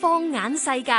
放眼世界，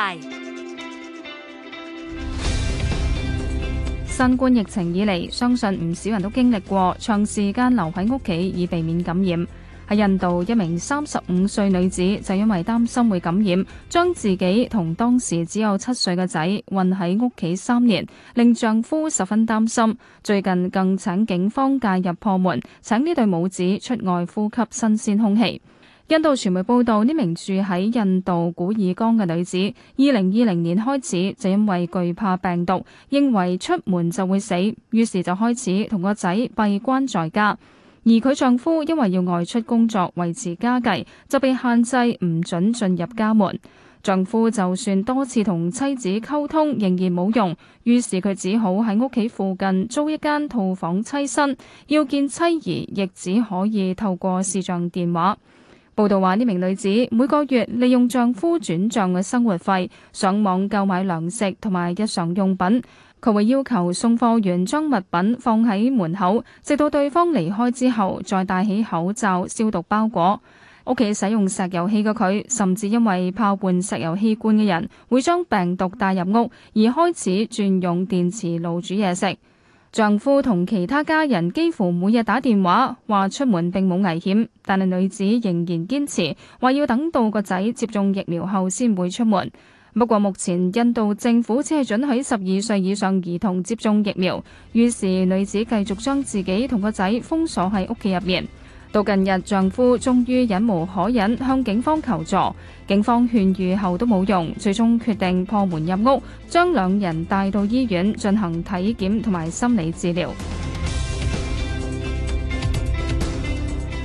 新冠疫情以嚟，相信唔少人都經歷過長時間留喺屋企，以避免感染。喺印度一名三十五歲女子就因為擔心會感染，將自己同當時只有七歲嘅仔困喺屋企三年，令丈夫十分擔心。最近更請警方介入破門，請呢對母子出外呼吸新鮮空氣。印度傳媒報道，呢名住喺印度古爾江嘅女子，二零二零年開始就因為懼怕病毒，認為出門就會死，於是就開始同個仔閉關在家。而佢丈夫因為要外出工作維持家計，就被限制唔准進入家門。丈夫就算多次同妻子溝通，仍然冇用，於是佢只好喺屋企附近租一間套房棲身，要見妻兒亦只可以透過視像電話。報道話，呢名女子每個月利用丈夫轉賬嘅生活費上網購買糧食同埋日常用品。佢會要求送貨員將物品放喺門口，直到對方離開之後，再戴起口罩消毒包裹。屋企使用石油氣嘅佢，甚至因為怕換石油氣罐嘅人會將病毒帶入屋，而開始轉用電磁爐煮嘢食。丈夫同其他家人幾乎每日打電話，話出門並冇危險，但係女子仍然堅持話要等到個仔接種疫苗後先會出門。不過目前印度政府只係准許十二歲以上兒童接種疫苗，於是女子繼續將自己同個仔封鎖喺屋企入面。到近日，丈夫終於忍無可忍，向警方求助。警方勸喻後都冇用，最終決定破門入屋，將兩人帶到醫院進行體檢同埋心理治療。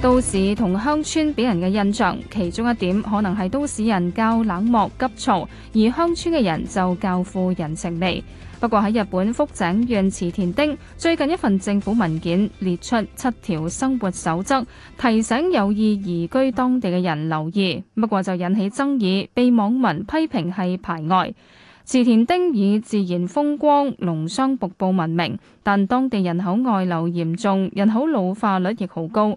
都市同鄉村俾人嘅印象，其中一點可能係都市人較冷漠急躁，而鄉村嘅人就較富人情味。不過喺日本福井縣池田町，最近一份政府文件列出七條生活守則，提醒有意移居當地嘅人留意。不過就引起爭議，被網民批評係排外。池田町以自然風光、龍雙瀑布聞名，但當地人口外流嚴重，人口老化率亦好高。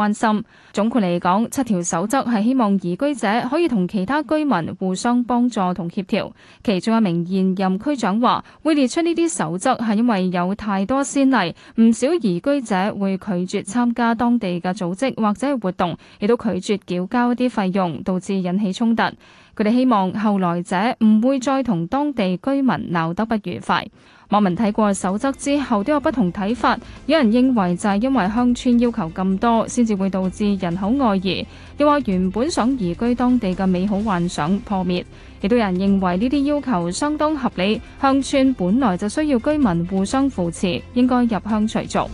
關心，總括嚟講，七條守則係希望移居者可以同其他居民互相幫助同協調。其中一名現任區長話，會列出呢啲守則係因為有太多先例，唔少移居者會拒絕參加當地嘅組織或者活動，亦都拒絕繳交一啲費用，導致引起衝突。佢哋希望後來者唔會再同當地居民鬧得不愉快。網民睇過守則之後都有不同睇法，有人認為就係因為鄉村要求咁多，先至會導致人口外移，又話原本想移居當地嘅美好幻想破滅。亦都有人認為呢啲要求相當合理，鄉村本來就需要居民互相扶持，應該入鄉隨俗。